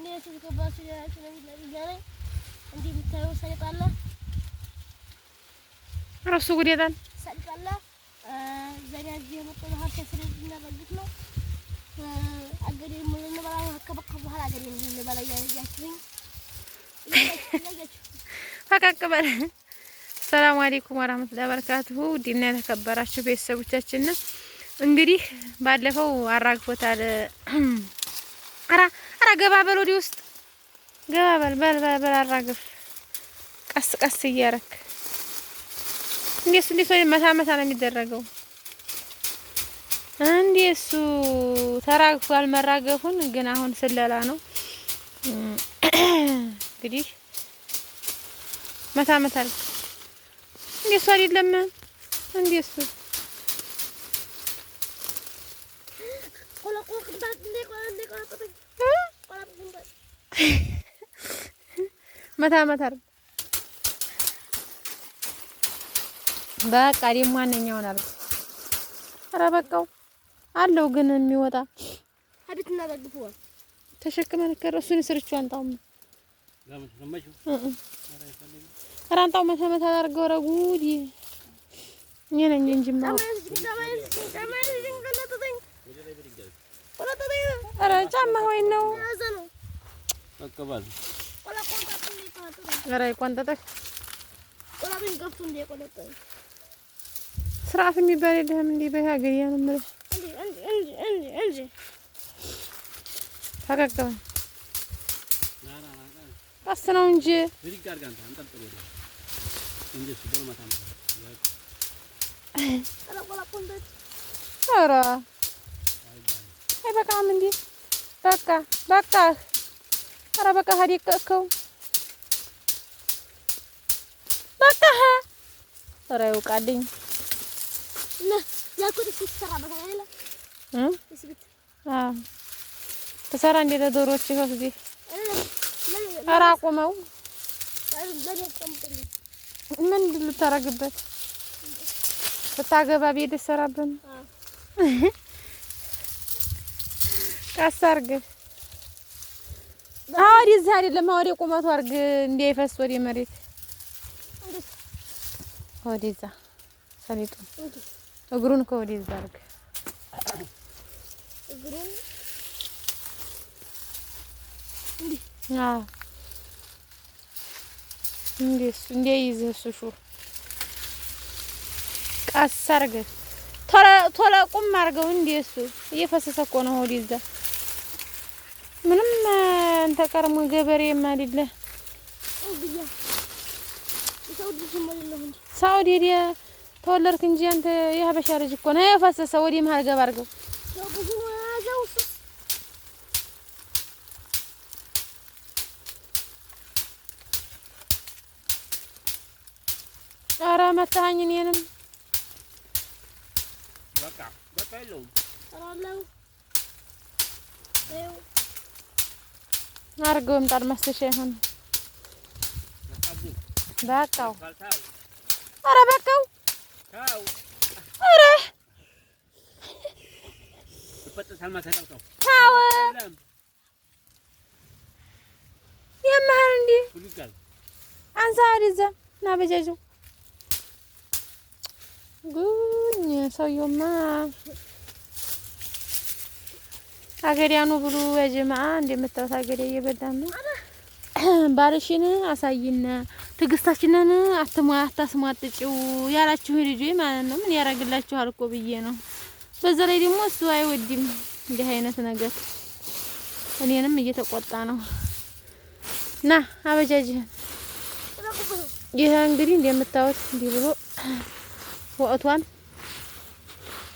እረሱ ጉድ ሰልጣላ ዘሪያ ባህር ነው አገሬ እንበላ በኋላ አገሬ እንበላ ፈቀቅ በል። ሰላም አለይኩም ወራህመቱላሂ ወበረካቱሁ ዲና የተከበራችሁ ቤተሰቦቻችን እንግዲህ ባለፈው አራግፎታል። አራ አራ ገባ በል ወዲህ ውስጥ ገባ በል በል በል አራግፍ። ቀስ ቀስ እያረክ እንዴሱ እንዴሱ መሳ መሳ ነው የሚደረገው። እንዴሱ ተራግፏል። መራገፉን ግን አሁን ስለላ ነው እንግዲህ መሳ መሳ አልክ። እንዴሱ አይደለም እንዴሱ መታ መታ በቃ ደግሞ ዋነኛውን አርግ። ኧረ በቃው አለው ግን የሚወጣ አብትና ደግፈዋል ተሸክመን እሱን ስርቹ አንጣው ኧረ አንጣው መታ መታ አድርገው። ኧረ ጉድ እኔ ነኝ እንጂማ ኧረ ጫማ ሆይ ነው ኧረ የቆንጠጠሽ ስርዓት የሚባል የለህም እንዴ? በሀገር ያን ምረሽ ፈቀቅ በል ቀስ ነው እንጂ ኧረ በቃም እንዴ በቃ በቃ ኧረ በቃ አደቀቅከው በቃ ሀ ኧረ ይውቃልኝ ተሰራ እንደ ለዶሮዎች ይኸው እዚህ ኧረ አቁመው ምን ልታረግበት ብታገባ ቤት ሰራበን ቀስ አድርግ። አዎ እዚህ አይደለም። ወደ ቁመቱ አድርግ እንዳይፈስ መሬት ወዲዛ ሰሊጡ እግሩን ከወደዛ አርግ። አዎ እንደ ይዘህ እሱ ቀስ ቶላ ቁም አድርገው እንደ እሱ እየፈሰሰ እኮ ነው ወዲዛ። ምንም እንተ ቀርሞ ገበሬ አይደለ ሳውዲ ሄዲያ ተወለድክ እንጂ አንተ የሀበሻ ልጅ እኮ ነው። የፈሰሰ ወዲህ መሀል ገባ አድርገው ኧረ መታኸኝ እኔንም በቃ በቃ የለውም አድርገው ምጣድ ማስተሻ ይሆን በቃው። ኧረ በቃው። ኧረ ታው የመሀል እንዲህ አንሳ ወደዛ ና በጃጁ ጉድ ሰውየውማ አገዳኑ ብሉ ያጀማ እንደምታዩት አገዳ እየበላን ነው። ባልሽን አሳይነ ትዕግስታችንን አትሟ አታስሟጥጪው ያላችሁ ልጅ ማለት ነው። ምን ያደርግላችኋል እኮ ብዬ ነው። በዛ ላይ ደግሞ እሱ አይወድም እንዲህ አይነት ነገር። እኔንም እየተቆጣ ነው። ና አበጃጅህን። ይሄ እንግዲህ እንደምታዩት እንዲህ ብሎ ወቅቷን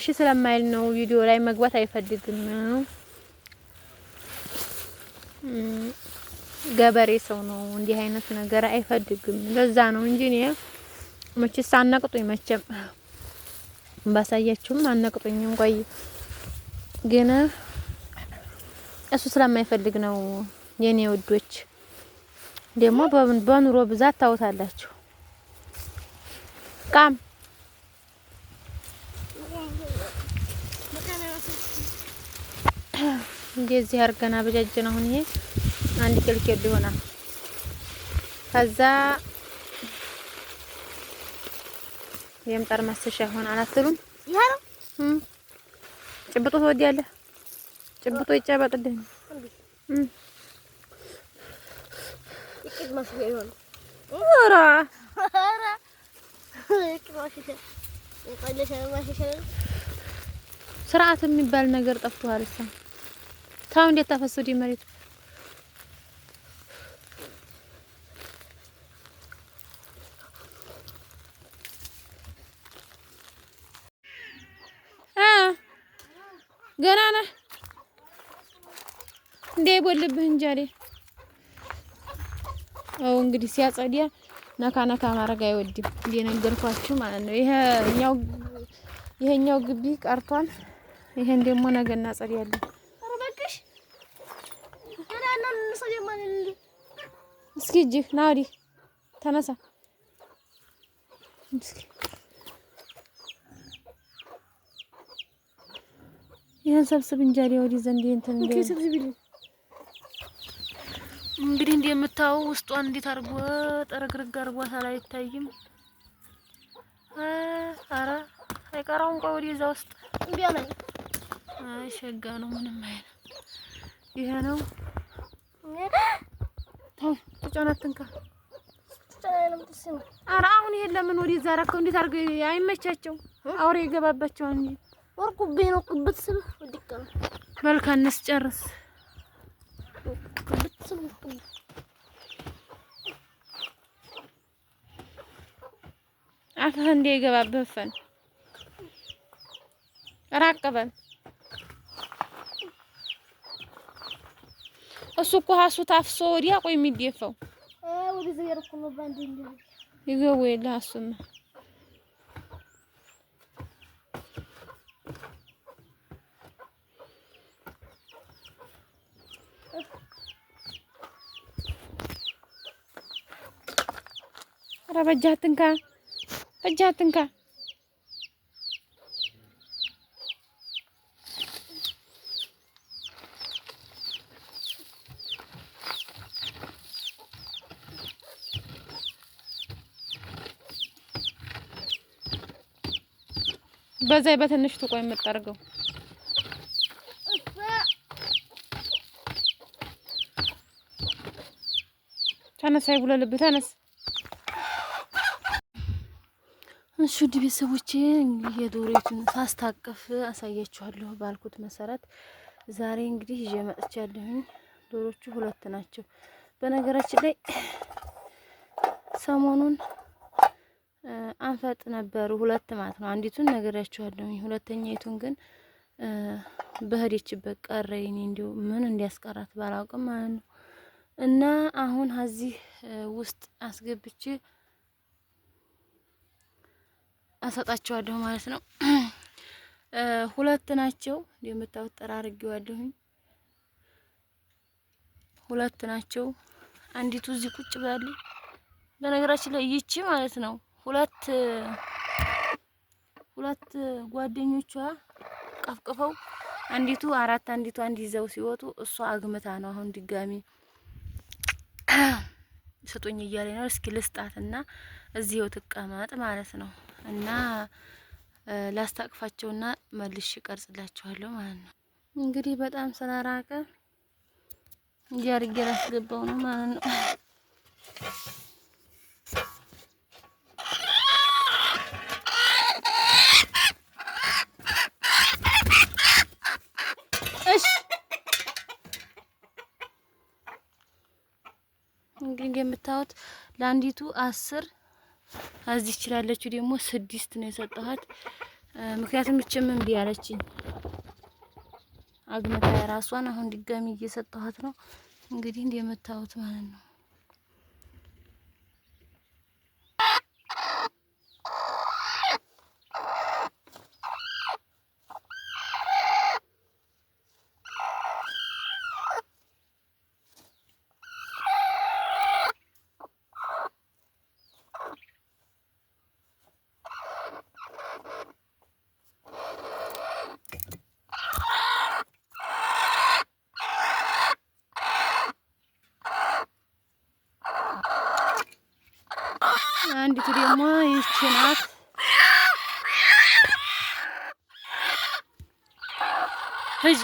እሺ ስለማይል ነው ቪዲዮ ላይ መግባት አይፈልግም። ገበሬ ሰው ነው እንዲህ አይነት ነገር አይፈልግም። ለዛ ነው እንጂ እኔ መቼስ አናቅጡኝ መቼም ባሳያችሁም አናቅጡኝም። ቆይ ግን እሱ ስለማይፈልግ ነው የኔ ውዶች። ደግሞ በኑሮ ብዛት ታውታላችሁ ቃም እንደዚህ አድርገን አበጃጀን። አሁን ይሄ አንድ ኪሎ ይሆናል። ከዛ የምጣድ ማሰሻ ይሆናል። አትሉም? ይሄ ጭብጦ ትወዲያለህ? ጭብጦ ይጨበጥልህ ስርዓት የሚባል ነገር ጠፍቷል። እሷ Tahun dia tak masuk di marit Ah, gerana dia buat lebih mencari, oh, gede sihat saja, nah, kakak marah di lindung gerak paku cuma, nah, ini ya, ini ya, ini ya, ini ya, ini ya, ini ya, ini ya, ini ya, ini ya, ini እስኪ እጅ ና ወዲህ ተነሳ። ይህን ሰብስብ እንጀራ ወዲህ ዘንድ እንትን እንግዲህ እንደምታው ውስጧ እንዴት አድርጎ ጠረግርግ አድርጓታል። አይታይም። አረ አይቀራውም። ቆይ ወዲህ እዛ ውስጥ አይ ሸጋ ነው። ምንም አይነት ይሄ ነው። ጩጫን ኧረ አሁን ይሄን ለምን ወደ እዛ እንዴት አድርገው አይመቻቸው፣ አውሬ ይገባባቸዋል እንጂ ነው። በልካ ጨርስ አፍህ እንደ እሱ እኮ ሀሱ ታፍሶ ወዲያ ቆይ የሚደፋው ይገቡ የለ ሀሱማ ኧረ በእጅህ አትንካ በዛ በትንሽ ትቆይ የምጠርገው ተነሳ፣ ልብ ተነስ። እሺ ውድ ቤተሰቦቼ እንግዲህ የዶሮዎቹን ሳስታቀፍ አሳያችኋለሁ ባልኩት መሰረት ዛሬ እንግዲህ ይዤ መጥቻለሁኝ። ዶሮቹ ሁለት ናቸው። በነገራችን ላይ ሰሞኑን አንፈጥ ነበሩ ሁለት ማለት ነው። አንዲቱን ነገራችኋለሁ፣ ሁለተኛይቱን ግን በህዴችበት ቀረኝ። እንዲሁ ምን እንዲያስቀራት ባላውቅም ማለት ነው። እና አሁን እዚህ ውስጥ አስገብቼ አሰጣቸዋለሁ ማለት ነው። ሁለት ናቸው እንደምታዩት፣ ጠራርጌዋለሁኝ። ሁለት ናቸው። አንዲቱ እዚህ ቁጭ ብላለች። በነገራችን ላይ ይቺ ማለት ነው ሁለት ሁለት ጓደኞቿ ቀፍቅፈው አንዲቱ አራት አንዲቱ አንድ ይዘው ሲወጡ እሷ አግምታ ነው። አሁን ድጋሚ ስጡኝ እያለ ነው። እስኪ ልስጣትና እዚህው ትቀመጥ ማለት ነው። እና ላስታቅፋቸውና መልሽ ቀርጽላችኋለሁ ማለት ነው። እንግዲህ በጣም ስለራቀ እያርጌ ላስገባው ነው ማለት ነው። እንግዲህ የምታዩት ለአንዲቱ አስር እዚህ ይችላለች። ደግሞ ስድስት ነው የሰጠኋት። ምክንያቱም እችም እምቢ ያለችኝ አግመታ የራሷን አሁን ድጋሚ እየሰጠኋት ነው እንግዲህ እንደምታዩት ማለት ነው። አንዲቱ ደግሞ ይቺ ናት። ሂጂ